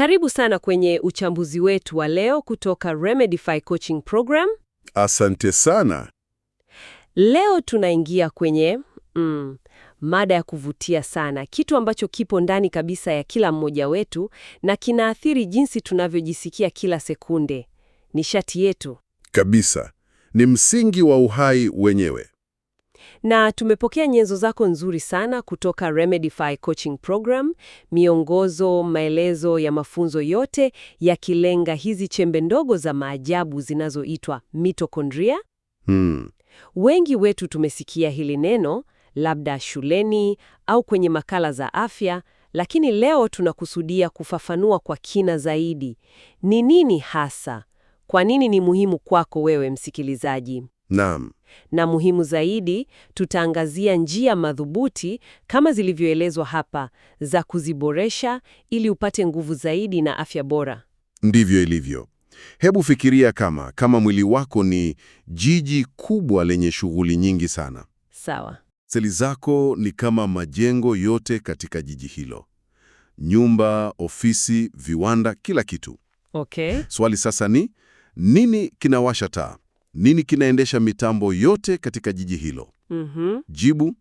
Karibu sana kwenye uchambuzi wetu wa leo kutoka Remedify Coaching Program. Asante sana. Leo tunaingia kwenye mm, mada ya kuvutia sana, kitu ambacho kipo ndani kabisa ya kila mmoja wetu na kinaathiri jinsi tunavyojisikia kila sekunde, nishati yetu kabisa. Ni msingi wa uhai wenyewe na tumepokea nyenzo zako nzuri sana kutoka Remedify Coaching Program, miongozo, maelezo ya mafunzo yote yakilenga hizi chembe ndogo za maajabu zinazoitwa mitokondria. Hmm. Wengi wetu tumesikia hili neno labda shuleni au kwenye makala za afya, lakini leo tunakusudia kufafanua kwa kina zaidi. Ni nini hasa? Kwa nini ni muhimu kwako wewe msikilizaji? Naam. Na muhimu zaidi, tutaangazia njia madhubuti kama zilivyoelezwa hapa za kuziboresha ili upate nguvu zaidi na afya bora. Ndivyo ilivyo. Hebu fikiria kama kama mwili wako ni jiji kubwa lenye shughuli nyingi sana. Sawa. Seli zako ni kama majengo yote katika jiji hilo. Nyumba, ofisi, viwanda, kila kitu. Okay. Swali sasa ni nini kinawasha taa? nini kinaendesha mitambo yote katika jiji hilo? Mm -hmm. Jibu,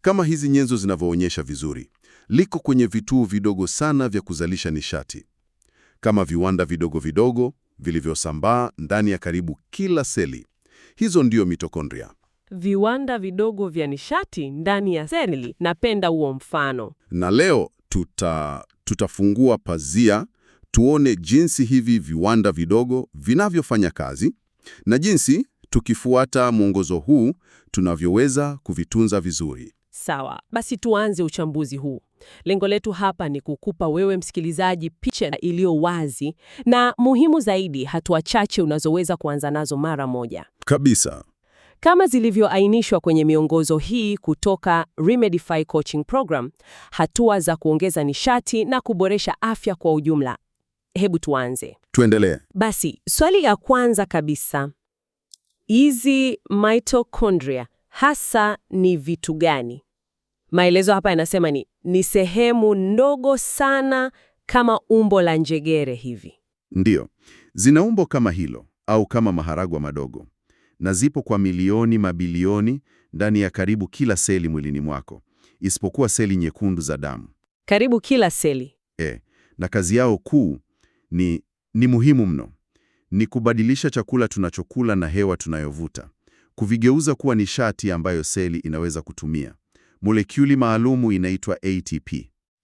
kama hizi nyenzo zinavyoonyesha vizuri, liko kwenye vituo vidogo sana vya kuzalisha nishati, kama viwanda vidogo vidogo vilivyosambaa ndani ya karibu kila seli. Hizo ndiyo mitokondria, viwanda vidogo vya nishati ndani ya seli. Napenda huo mfano, na leo tuta tutafungua pazia tuone jinsi hivi viwanda vidogo vinavyofanya kazi na jinsi tukifuata mwongozo huu tunavyoweza kuvitunza vizuri. Sawa, basi tuanze uchambuzi huu. Lengo letu hapa ni kukupa wewe msikilizaji picha iliyo wazi na muhimu zaidi, hatua chache unazoweza kuanza nazo mara moja kabisa, kama zilivyoainishwa kwenye miongozo hii kutoka Remedify Coaching Program, hatua za kuongeza nishati na kuboresha afya kwa ujumla hebu tuanze, tuendelee. Basi swali ya kwanza kabisa, hizi mitochondria hasa ni vitu gani? Maelezo hapa yanasema ni ni sehemu ndogo sana kama umbo la njegere hivi. Ndiyo, zina umbo kama hilo au kama maharagwa madogo, na zipo kwa milioni mabilioni ndani ya karibu kila seli mwilini mwako, isipokuwa seli nyekundu za damu. Karibu kila seli e, na kazi yao kuu ni, ni muhimu mno. Ni kubadilisha chakula tunachokula na hewa tunayovuta, kuvigeuza kuwa nishati ambayo seli inaweza kutumia. Molekuli maalumu inaitwa ATP.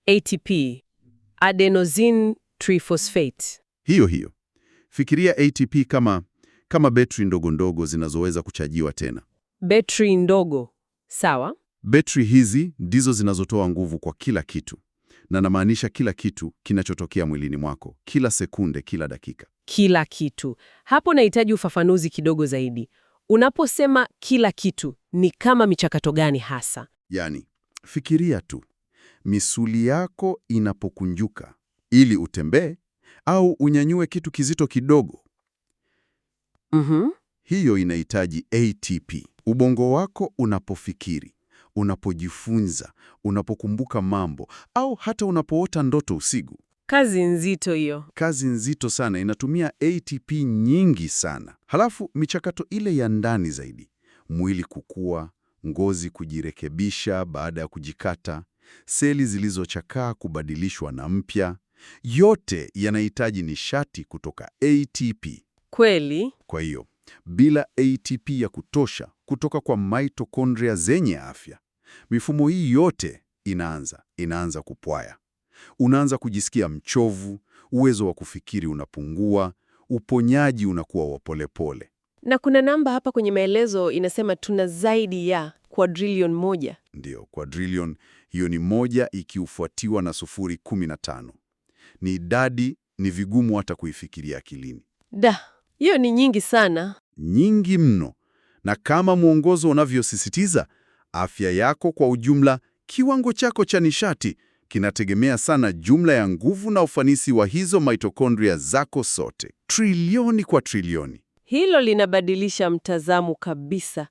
ATP, adenosine triphosphate. Hiyo hiyo. Fikiria ATP kama kama betri ndogo ndogo zinazoweza kuchajiwa tena. Betri ndogo, sawa. Betri hizi ndizo zinazotoa nguvu kwa kila kitu na namaanisha kila kitu kinachotokea mwilini mwako, kila sekunde, kila dakika, kila kitu. Hapo nahitaji ufafanuzi kidogo zaidi. Unaposema kila kitu, ni kama michakato gani hasa? Yaani, fikiria tu, misuli yako inapokunjuka ili utembee au unyanyue kitu kizito kidogo. Mm -hmm. Hiyo inahitaji ATP. Ubongo wako unapofikiri unapojifunza, unapokumbuka mambo, au hata unapoota ndoto usiku. Kazi nzito hiyo, kazi nzito sana, inatumia ATP nyingi sana. Halafu michakato ile ya ndani zaidi, mwili kukua, ngozi kujirekebisha baada ya kujikata, seli zilizochakaa kubadilishwa na mpya, yote yanahitaji nishati kutoka ATP. Kweli. Kwa hiyo bila ATP ya kutosha kutoka kwa mitokondria zenye afya, Mifumo hii yote inaanza inaanza kupwaya. Unaanza kujisikia mchovu, uwezo wa kufikiri unapungua, uponyaji unakuwa wa polepole. Na kuna namba hapa kwenye maelezo inasema tuna zaidi ya quadrillion moja. Ndiyo, quadrillion hiyo ni moja ikiufuatiwa na sufuri tano. Ni idadi ni vigumu hata kuifikiria akilini. Da, hiyo ni nyingi sana, nyingi mno, na kama mwongozo unavyosisitiza Afya yako kwa ujumla, kiwango chako cha nishati kinategemea sana jumla ya nguvu na ufanisi wa hizo mitokondria zako sote, trilioni kwa trilioni. Hilo linabadilisha mtazamo kabisa.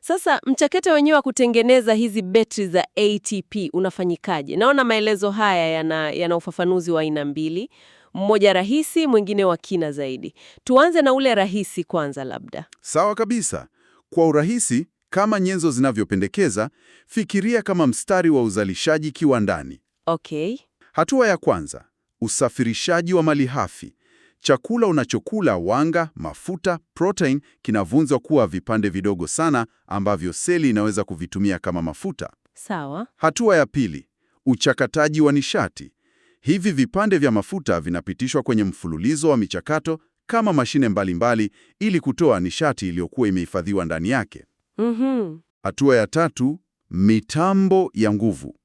Sasa mchakato wenyewe wa kutengeneza hizi betri za ATP unafanyikaje? Naona maelezo haya yana, yana ufafanuzi wa aina mbili, mmoja rahisi, mwingine wa kina zaidi. Tuanze na ule rahisi kwanza labda. Sawa kabisa. Kwa urahisi kama nyenzo zinavyopendekeza, fikiria kama mstari wa uzalishaji kiwandani. Okay. Hatua ya kwanza, usafirishaji wa malighafi. Chakula unachokula, wanga, mafuta, protein, kinavunjwa kuwa vipande vidogo sana ambavyo seli inaweza kuvitumia kama mafuta. Sawa. Hatua ya pili, uchakataji wa nishati. Hivi vipande vya mafuta vinapitishwa kwenye mfululizo wa michakato kama mashine mbalimbali ili kutoa nishati iliyokuwa imehifadhiwa ndani yake. Mm-hmm. Hatua ya tatu, mitambo ya nguvu.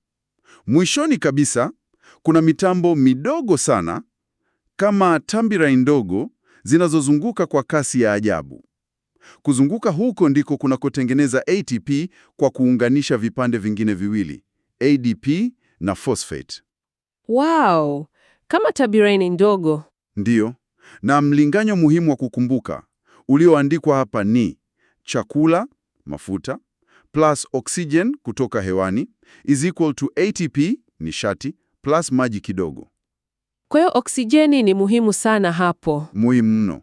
Mwishoni kabisa kuna mitambo midogo sana kama tambirai ndogo zinazozunguka kwa kasi ya ajabu. Kuzunguka huko ndiko kunakotengeneza ATP kwa kuunganisha vipande vingine viwili, ADP na phosphate. Wow, kama tabiraini ndogo. Ndiyo, na mlinganyo muhimu wa kukumbuka ulioandikwa hapa ni chakula mafuta plus oxygen kutoka hewani is equal to ATP nishati plus maji kidogo. Kwa hiyo oksijeni ni muhimu sana hapo, muhimu mno.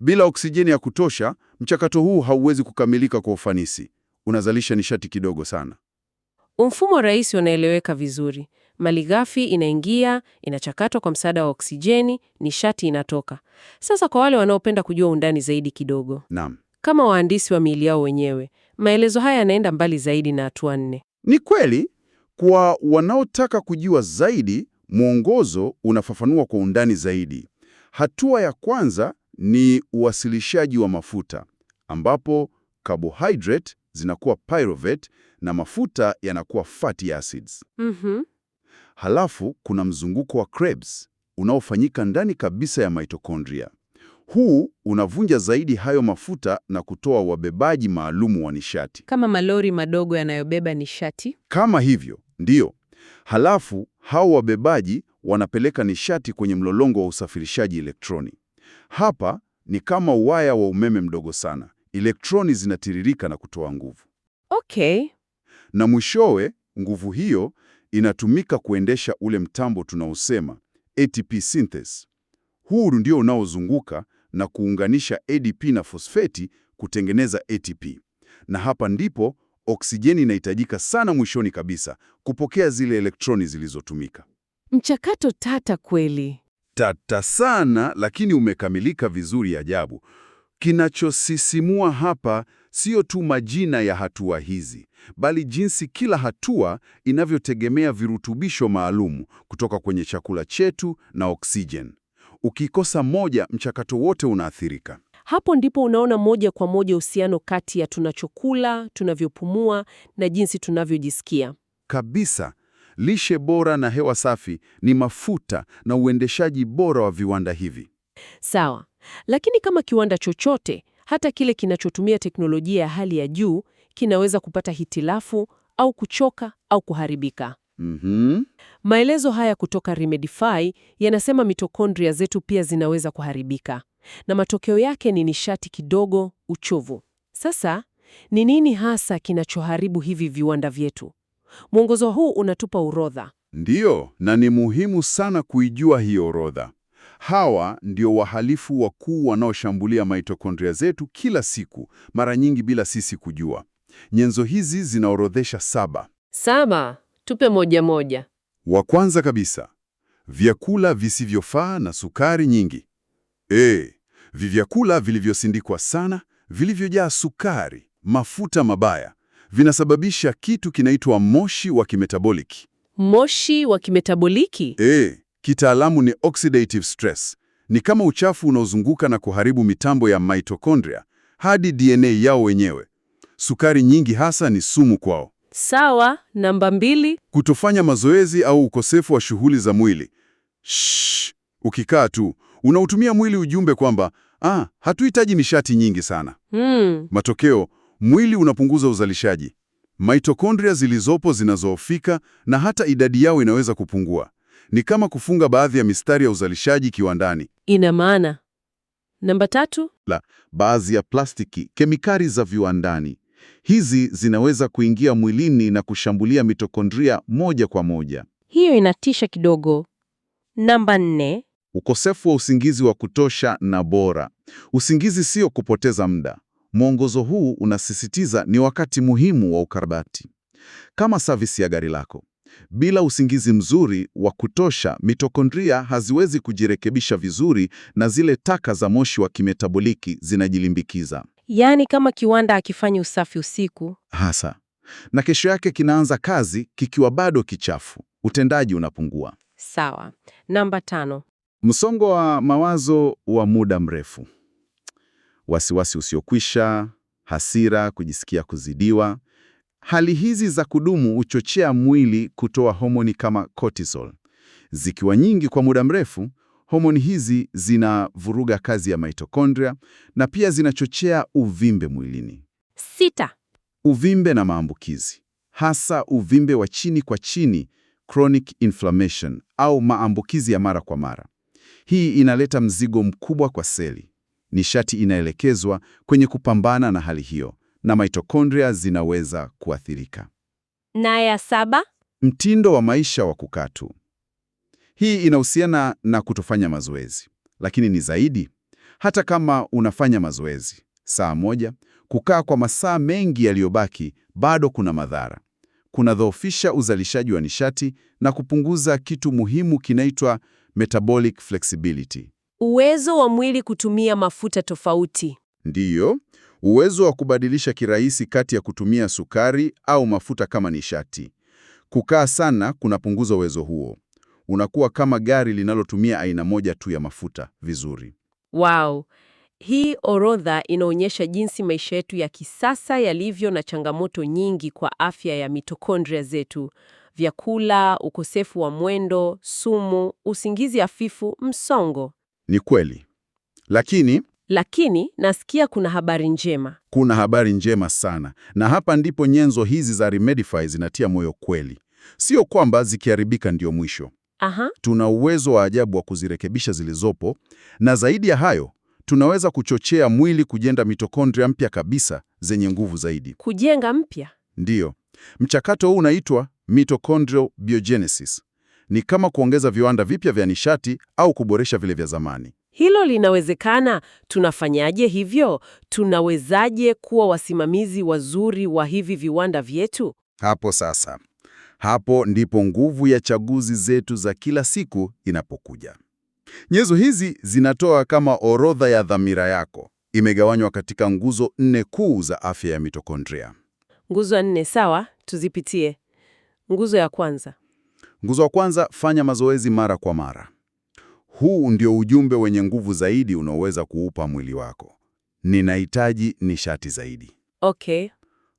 Bila oksijeni ya kutosha, mchakato huu hauwezi kukamilika kwa ufanisi, unazalisha nishati kidogo sana. Mfumo rahisi unaeleweka vizuri. Malighafi inaingia, inachakatwa kwa msaada wa oksijeni, nishati inatoka. Sasa kwa wale wanaopenda kujua undani zaidi kidogo. Naam. Kama waandisi wa miili yao wenyewe, Maelezo haya yanaenda mbali zaidi na hatua nne. Ni kweli, kwa wanaotaka kujua zaidi, mwongozo unafafanua kwa undani zaidi. Hatua ya kwanza ni uwasilishaji wa mafuta, ambapo carbohydrate zinakuwa pyruvate na mafuta yanakuwa fatty acids. Mm -hmm. Halafu kuna mzunguko wa Krebs unaofanyika ndani kabisa ya mitochondria. Huu unavunja zaidi hayo mafuta na kutoa wabebaji maalumu wa nishati, kama malori madogo yanayobeba nishati. Kama hivyo, ndiyo. Halafu hao wabebaji wanapeleka nishati kwenye mlolongo wa usafirishaji elektroni. Hapa ni kama waya wa umeme mdogo sana, elektroni zinatiririka na kutoa nguvu. Okay. Na mwishowe nguvu hiyo inatumika kuendesha ule mtambo tunaosema ATP synthase huu ndio unaozunguka na kuunganisha ADP na fosfeti kutengeneza ATP. Na hapa ndipo oksijeni inahitajika sana mwishoni kabisa kupokea zile elektroni zilizotumika. Mchakato tata kweli, tata sana, lakini umekamilika vizuri ajabu. Kinachosisimua hapa sio tu majina ya hatua hizi, bali jinsi kila hatua inavyotegemea virutubisho maalumu kutoka kwenye chakula chetu na oksijeni. Ukikosa moja, mchakato wote unaathirika. Hapo ndipo unaona moja kwa moja uhusiano kati ya tunachokula, tunavyopumua na jinsi tunavyojisikia. Kabisa. Lishe bora na hewa safi ni mafuta na uendeshaji bora wa viwanda hivi. Sawa, lakini kama kiwanda chochote, hata kile kinachotumia teknolojia ya hali ya juu kinaweza kupata hitilafu au kuchoka au kuharibika. Mm -hmm. Maelezo haya kutoka Remedify yanasema mitokondria zetu pia zinaweza kuharibika na matokeo yake ni nishati kidogo, uchovu. Sasa ni nini hasa kinachoharibu hivi viwanda vyetu? Mwongozo huu unatupa orodha. Ndiyo, na ni muhimu sana kuijua hii orodha. Hawa ndio wahalifu wakuu wanaoshambulia mitokondria zetu kila siku, mara nyingi bila sisi kujua. Nyenzo hizi zinaorodhesha saba. Saba. Tupe moja moja. Wa kwanza kabisa, vyakula visivyofaa na sukari nyingi. E, vivyakula vilivyosindikwa sana, vilivyojaa sukari, mafuta mabaya, vinasababisha kitu kinaitwa moshi wa kimetaboliki. Moshi wa kimetaboliki? E, kitaalamu ni oxidative stress. Ni kama uchafu unaozunguka na kuharibu mitambo ya mitochondria hadi DNA yao wenyewe. Sukari nyingi hasa ni sumu kwao. Sawa, namba mbili, kutofanya mazoezi au ukosefu wa shughuli za mwili. Shh, ukikaa tu unautumia mwili ujumbe kwamba ah, hatuhitaji nishati nyingi sana. Hmm. Matokeo, mwili unapunguza uzalishaji, mitokondria zilizopo zinazoofika na hata idadi yao inaweza kupungua. Ni kama kufunga baadhi ya mistari ya uzalishaji kiwandani. Ina maana. Namba tatu, la baadhi ya plastiki, kemikali za viwandani Hizi zinaweza kuingia mwilini na kushambulia mitokondria moja kwa moja. Hiyo inatisha kidogo. Namba nne, ukosefu wa usingizi wa kutosha na bora. Usingizi sio kupoteza muda. Mwongozo huu unasisitiza ni wakati muhimu wa ukarabati, kama savisi ya gari lako. Bila usingizi mzuri wa kutosha, mitokondria haziwezi kujirekebisha vizuri na zile taka za moshi wa kimetaboliki zinajilimbikiza. Yaani kama kiwanda hakifanyi usafi usiku hasa, na kesho yake kinaanza kazi kikiwa bado kichafu, utendaji unapungua. Sawa. Namba tano, msongo wa mawazo wa muda mrefu, wasiwasi usiokwisha, hasira, kujisikia kuzidiwa Hali hizi za kudumu huchochea mwili kutoa homoni kama cortisol. Zikiwa nyingi kwa muda mrefu, homoni hizi zinavuruga kazi ya mitokondria na pia zinachochea uvimbe mwilini. Sita. Uvimbe na maambukizi, hasa uvimbe wa chini kwa chini, chronic inflammation au maambukizi ya mara kwa mara. Hii inaleta mzigo mkubwa kwa seli. Nishati inaelekezwa kwenye kupambana na hali hiyo, na mitokondria zinaweza kuathirika. Na ya saba, mtindo wa maisha wa kukaa tu. Hii inahusiana na kutofanya mazoezi, lakini ni zaidi. Hata kama unafanya mazoezi saa moja, kukaa kwa masaa mengi yaliyobaki bado kuna madhara. Kunadhoofisha uzalishaji wa nishati na kupunguza kitu muhimu kinaitwa metabolic flexibility, uwezo wa mwili kutumia mafuta tofauti. Ndiyo, uwezo wa kubadilisha kirahisi kati ya kutumia sukari au mafuta kama nishati. Kukaa sana kunapunguza uwezo huo. Unakuwa kama gari linalotumia aina moja tu ya mafuta vizuri. Wow. Hii orodha inaonyesha jinsi maisha yetu ya kisasa yalivyo na changamoto nyingi kwa afya ya mitokondria zetu: vyakula, ukosefu wa mwendo, sumu, usingizi hafifu, msongo. Ni kweli, lakini lakini nasikia kuna habari njema. Kuna habari njema sana, na hapa ndipo nyenzo hizi za Remedify zinatia moyo kweli. Sio kwamba zikiharibika ndio mwisho. Aha. Tuna uwezo wa ajabu wa kuzirekebisha zilizopo, na zaidi ya hayo tunaweza kuchochea mwili kujenga mitokondria mpya kabisa zenye nguvu zaidi. Kujenga mpya? Ndiyo. Mchakato huu unaitwa mitochondrial biogenesis. Ni kama kuongeza viwanda vipya vya nishati au kuboresha vile vya zamani. Hilo linawezekana. Tunafanyaje hivyo? Tunawezaje kuwa wasimamizi wazuri wa hivi viwanda vyetu? Hapo sasa, hapo ndipo nguvu ya chaguzi zetu za kila siku inapokuja. Nyenzo hizi zinatoa kama orodha ya dhamira yako, imegawanywa katika nguzo nne kuu za afya ya mitokondria. Nguzo nne, sawa, tuzipitie. Nguzo ya kwanza. Nguzo ya kwanza, fanya mazoezi mara kwa mara. Huu ndio ujumbe wenye nguvu zaidi unaoweza kuupa mwili wako: ninahitaji nishati zaidi. Okay.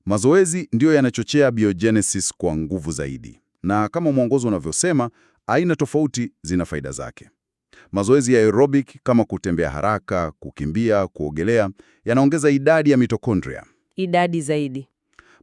Mazoezi ndiyo yanachochea biogenesis kwa nguvu zaidi, na kama mwongozo unavyosema, aina tofauti zina faida zake. Mazoezi ya aerobic kama kutembea haraka, kukimbia, kuogelea yanaongeza idadi ya mitokondria, idadi zaidi.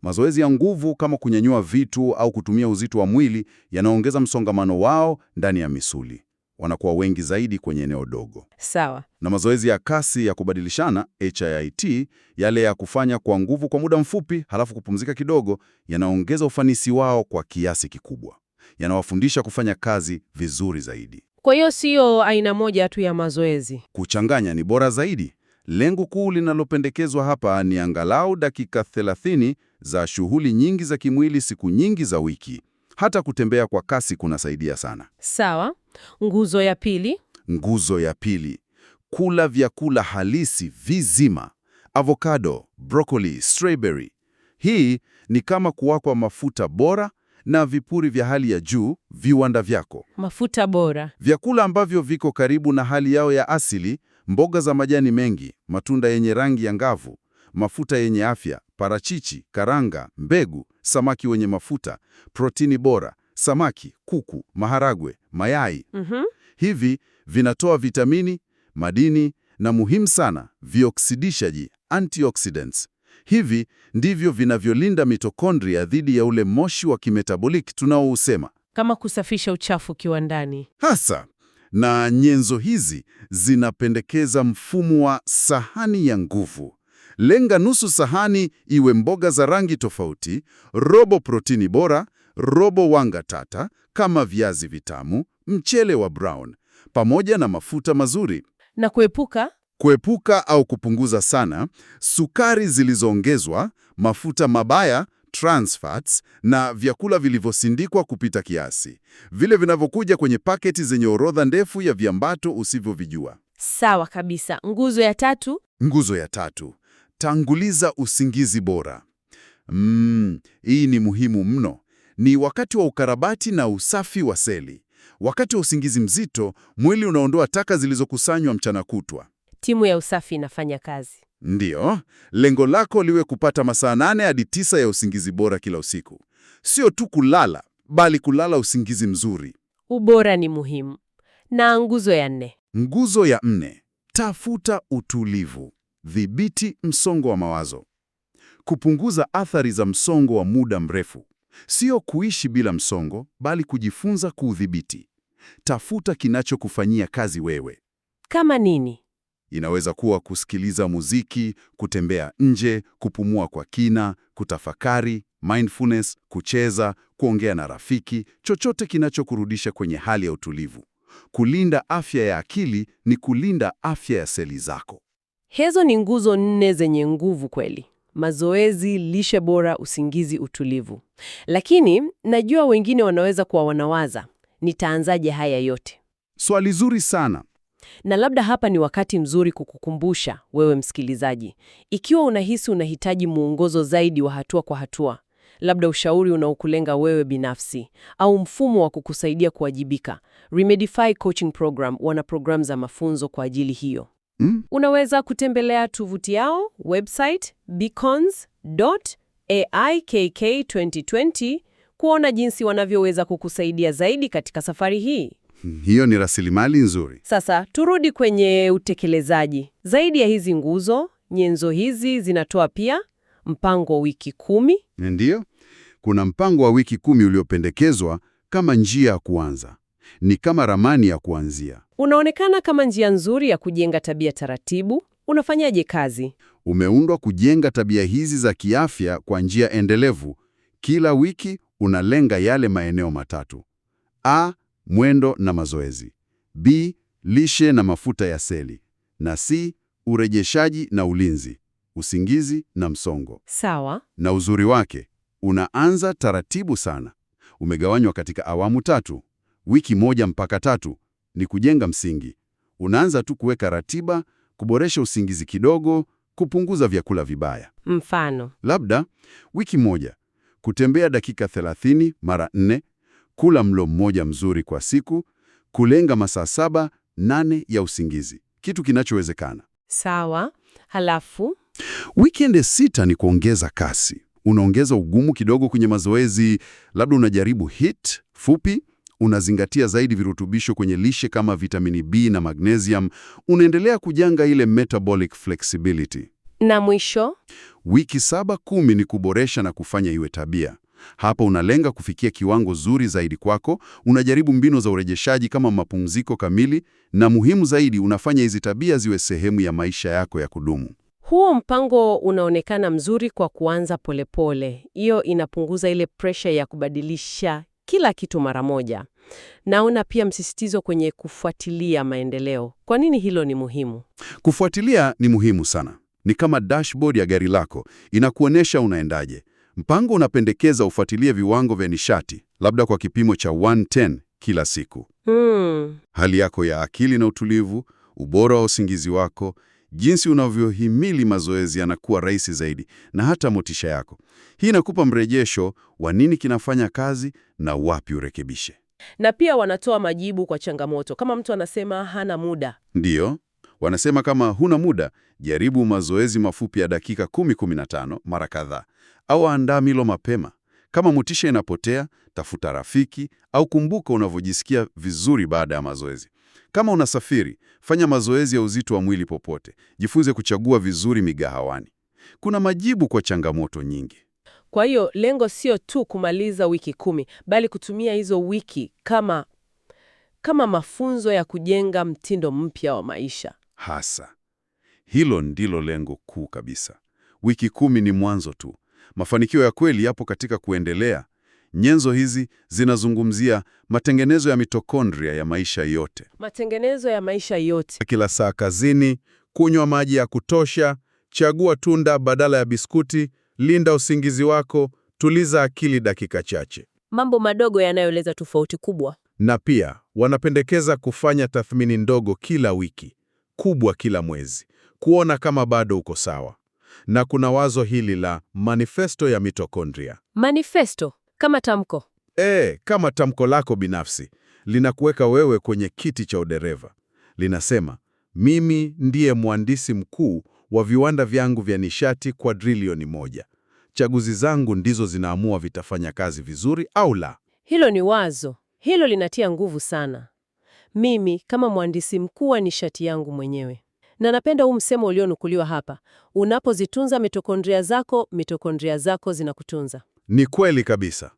Mazoezi ya nguvu kama kunyanyua vitu au kutumia uzito wa mwili yanaongeza msongamano wao ndani ya misuli wanakuwa wengi zaidi kwenye eneo dogo. Sawa. Na mazoezi ya kasi ya kubadilishana HIIT, yale ya kufanya kwa nguvu kwa muda mfupi halafu kupumzika kidogo, yanaongeza ufanisi wao kwa kiasi kikubwa, yanawafundisha kufanya kazi vizuri zaidi. Kwa hiyo siyo aina moja tu ya mazoezi, kuchanganya ni bora zaidi. Lengo kuu linalopendekezwa hapa ni angalau dakika 30 za shughuli nyingi za kimwili siku nyingi za wiki. Hata kutembea kwa kasi kunasaidia sana. Sawa. Nguzo ya pili, nguzo ya pili, kula vyakula halisi vizima: avocado, broccoli, strawberry. Hii ni kama kuwakwa mafuta bora na vipuri vya hali ya juu viwanda vyako. Mafuta bora, vyakula ambavyo viko karibu na hali yao ya asili: mboga za majani mengi, matunda yenye rangi ya ngavu, mafuta yenye afya, parachichi, karanga, mbegu, samaki wenye mafuta, protini bora, samaki, kuku, maharagwe, mayai. mm -hmm. Hivi vinatoa vitamini, madini na muhimu sana vioksidishaji, antioxidants. Hivi ndivyo vinavyolinda mitokondria dhidi ya ule moshi wa kimetaboliki tunaousema, kama kusafisha uchafu kiwandani hasa. Na nyenzo hizi zinapendekeza mfumo wa sahani ya nguvu. Lenga nusu sahani iwe mboga za rangi tofauti, robo protini bora robo wanga tata kama viazi vitamu, mchele wa brown pamoja na mafuta mazuri, na kuepuka kuepuka au kupunguza sana sukari zilizoongezwa, mafuta mabaya trans fats na vyakula vilivyosindikwa kupita kiasi, vile vinavyokuja kwenye paketi zenye orodha ndefu ya viambato usivyovijua. Sawa kabisa. Nguzo ya tatu, nguzo ya tatu, tanguliza usingizi bora. Mm, hii ni muhimu mno ni wakati wa ukarabati na usafi wa seli. Wakati wa usingizi mzito, mwili unaondoa taka zilizokusanywa mchana kutwa. Timu ya usafi inafanya kazi. Ndiyo, lengo lako liwe kupata masaa nane hadi tisa ya usingizi bora kila usiku. Sio tu kulala, bali kulala usingizi mzuri. Ubora ni muhimu. Na nguzo ya nne. Nguzo ya nne, tafuta utulivu. Dhibiti msongo wa mawazo. Kupunguza athari za msongo wa muda mrefu. Sio kuishi bila msongo, bali kujifunza kuudhibiti. Tafuta kinachokufanyia kazi wewe. Kama nini? Inaweza kuwa kusikiliza muziki, kutembea nje, kupumua kwa kina, kutafakari, mindfulness, kucheza, kuongea na rafiki, chochote kinachokurudisha kwenye hali ya utulivu. Kulinda afya ya akili ni kulinda afya ya seli zako. Hizo ni nguzo nne zenye nguvu kweli mazoezi, lishe bora, usingizi, utulivu. Lakini najua wengine wanaweza kuwa wanawaza, nitaanzaje haya yote? Swali zuri sana. Na labda hapa ni wakati mzuri kukukumbusha wewe msikilizaji, ikiwa unahisi unahitaji mwongozo zaidi wa hatua kwa hatua, labda ushauri unaokulenga wewe binafsi au mfumo wa kukusaidia kuwajibika, Remedify Coaching Program wana programu za mafunzo kwa ajili hiyo mm? Unaweza kutembelea tovuti yao website beacons.aikk2020 kuona jinsi wanavyoweza kukusaidia zaidi katika safari hii. Hmm, hiyo ni rasilimali nzuri. Sasa turudi kwenye utekelezaji. Zaidi ya hizi nguzo, nyenzo hizi zinatoa pia mpango wa wiki kumi. Ndiyo, kuna mpango wa wiki kumi uliopendekezwa kama njia ya kuanza ni kama ramani ya kuanzia. Unaonekana kama njia nzuri ya kujenga tabia taratibu. Unafanyaje kazi? Umeundwa kujenga tabia hizi za kiafya kwa njia endelevu. Kila wiki unalenga yale maeneo matatu: A, mwendo na mazoezi; B, lishe na mafuta ya seli; na C, urejeshaji na ulinzi, usingizi na msongo. Sawa. Na uzuri wake unaanza taratibu sana, umegawanywa katika awamu tatu wiki moja mpaka tatu, ni kujenga msingi. Unaanza tu kuweka ratiba, kuboresha usingizi kidogo, kupunguza vyakula vibaya. Mfano, labda wiki moja kutembea dakika 30 mara nne, kula mlo mmoja mzuri kwa siku, kulenga masaa saba nane ya usingizi, kitu kinachowezekana. Sawa. Halafu wikendi sita ni kuongeza kasi. Unaongeza ugumu kidogo kwenye mazoezi, labda unajaribu hit fupi unazingatia zaidi virutubisho kwenye lishe kama vitamini B na magnesium, unaendelea kujenga ile metabolic flexibility. Na mwisho, wiki saba kumi ni kuboresha na kufanya iwe tabia. Hapa unalenga kufikia kiwango zuri zaidi kwako, unajaribu mbinu za urejeshaji kama mapumziko kamili, na muhimu zaidi, unafanya hizi tabia ziwe sehemu ya maisha yako ya kudumu. Huo mpango unaonekana mzuri kwa kuanza polepole. Hiyo inapunguza ile presha ya kubadilisha kila kitu mara moja. Naona pia msisitizo kwenye kufuatilia maendeleo. Kwa nini hilo ni muhimu? Kufuatilia ni muhimu sana. Ni kama dashboard ya gari lako, inakuonyesha unaendaje. Mpango unapendekeza ufuatilie viwango vya nishati, labda kwa kipimo cha 110 kila siku. Hmm. Hali yako ya akili na utulivu, ubora wa usingizi wako, jinsi unavyohimili mazoezi yanakuwa rahisi zaidi, na hata motisha yako. Hii inakupa mrejesho wa nini kinafanya kazi na wapi urekebishe. Na pia wanatoa majibu kwa changamoto. Kama mtu anasema hana muda, ndiyo wanasema kama huna muda, jaribu mazoezi mafupi ya dakika 10-15 mara kadhaa, au andaa milo mapema. Kama motisha inapotea, tafuta rafiki au kumbuka unavyojisikia vizuri baada ya mazoezi. Kama unasafiri, fanya mazoezi ya uzito wa mwili popote. Jifunze kuchagua vizuri migahawani. Kuna majibu kwa changamoto nyingi. Kwa hiyo lengo sio tu kumaliza wiki kumi, bali kutumia hizo wiki kama kama mafunzo ya kujenga mtindo mpya wa maisha. Hasa hilo ndilo lengo kuu kabisa. Wiki kumi ni mwanzo tu. Mafanikio ya kweli yapo katika kuendelea, Nyenzo hizi zinazungumzia matengenezo ya mitokondria ya maisha yote, matengenezo ya maisha yote, kila saa kazini, kunywa maji ya kutosha, chagua tunda badala ya biskuti, linda usingizi wako, tuliza akili dakika chache, mambo madogo yanayoleta tofauti kubwa. Na pia wanapendekeza kufanya tathmini ndogo kila wiki, kubwa kila mwezi, kuona kama bado uko sawa na kuna wazo hili la manifesto ya mitokondria. Manifesto kama tamko e, kama tamko lako binafsi linakuweka wewe kwenye kiti cha udereva. Linasema, mimi ndiye mhandisi mkuu wa viwanda vyangu vya nishati kwa quadrilioni moja. Chaguzi zangu ndizo zinaamua vitafanya kazi vizuri au la. Hilo ni wazo, hilo linatia nguvu sana. Mimi kama mhandisi mkuu wa nishati yangu mwenyewe. Na napenda huu msemo ulionukuliwa hapa, unapozitunza mitokondria zako, mitokondria zako zinakutunza. Ni kweli kabisa,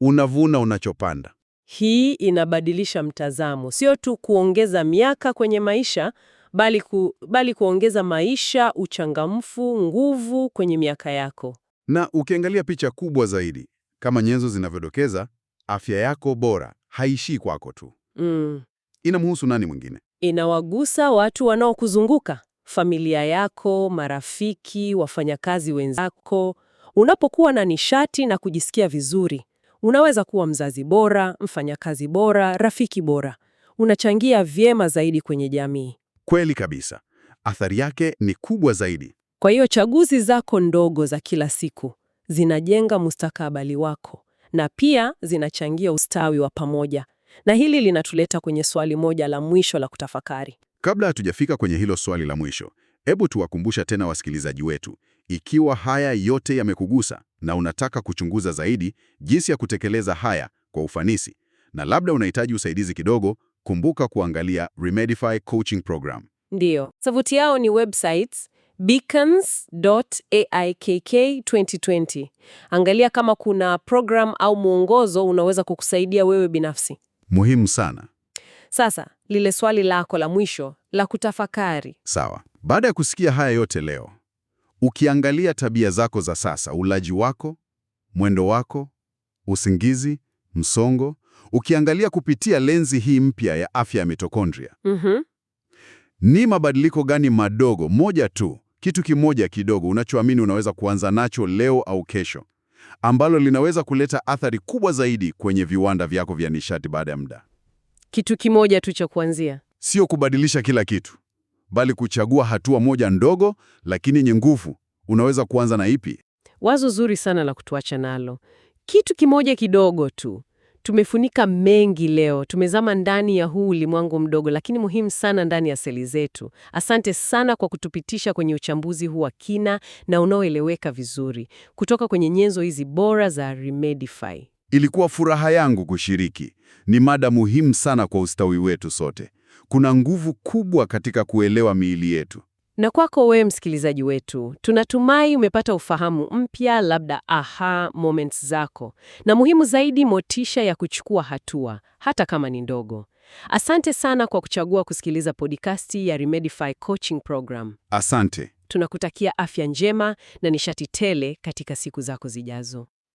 unavuna unachopanda. Hii inabadilisha mtazamo, sio tu kuongeza miaka kwenye maisha bali, ku, bali kuongeza maisha, uchangamfu, nguvu kwenye miaka yako. Na ukiangalia picha kubwa zaidi, kama nyenzo zinavyodokeza, afya yako bora haishii kwako tu mm. Inamhusu nani mwingine? Inawagusa watu wanaokuzunguka, familia yako, marafiki, wafanyakazi wenzako Unapokuwa na nishati na kujisikia vizuri, unaweza kuwa mzazi bora, mfanyakazi bora, rafiki bora. Unachangia vyema zaidi kwenye jamii. Kweli kabisa, athari yake ni kubwa zaidi. Kwa hiyo chaguzi zako ndogo za kila siku zinajenga mustakabali wako na pia zinachangia ustawi wa pamoja. Na hili linatuleta kwenye swali moja la mwisho la kutafakari. Kabla hatujafika kwenye hilo swali la mwisho, hebu tuwakumbusha tena wasikilizaji wetu ikiwa haya yote yamekugusa na unataka kuchunguza zaidi jinsi ya kutekeleza haya kwa ufanisi na labda unahitaji usaidizi kidogo, kumbuka kuangalia Remedify Coaching Program. Ndiyo, tovuti yao ni websites beacons.aikk2020. Angalia kama kuna program au mwongozo unaweza kukusaidia wewe binafsi. Muhimu sana. Sasa lile swali lako la mwisho la kutafakari. Sawa, baada ya kusikia haya yote leo Ukiangalia tabia zako za sasa, ulaji wako, mwendo wako, usingizi, msongo, ukiangalia kupitia lenzi hii mpya ya afya ya mitokondria mm -hmm. Ni mabadiliko gani madogo, moja tu, kitu kimoja kidogo unachoamini unaweza kuanza nacho leo au kesho, ambalo linaweza kuleta athari kubwa zaidi kwenye viwanda vyako vya nishati baada ya muda? Kitu kimoja tu cha kuanzia, sio kubadilisha kila kitu bali kuchagua hatua moja ndogo lakini yenye nguvu. Unaweza kuanza na ipi? Wazo zuri sana la kutuacha nalo, kitu kimoja kidogo tu. Tumefunika mengi leo, tumezama ndani ya huu ulimwengu mdogo lakini muhimu sana ndani ya seli zetu. Asante sana kwa kutupitisha kwenye uchambuzi huu wa kina na unaoeleweka vizuri kutoka kwenye nyenzo hizi bora za Remedify. Ilikuwa furaha yangu kushiriki. Ni mada muhimu sana kwa ustawi wetu sote kuna nguvu kubwa katika kuelewa miili yetu. Na kwako wewe msikilizaji wetu, tunatumai umepata ufahamu mpya, labda aha moments zako, na muhimu zaidi, motisha ya kuchukua hatua hata kama ni ndogo. Asante sana kwa kuchagua kusikiliza podcasti ya Remedify Coaching Program. Asante. Tunakutakia afya njema na nishati tele katika siku zako zijazo.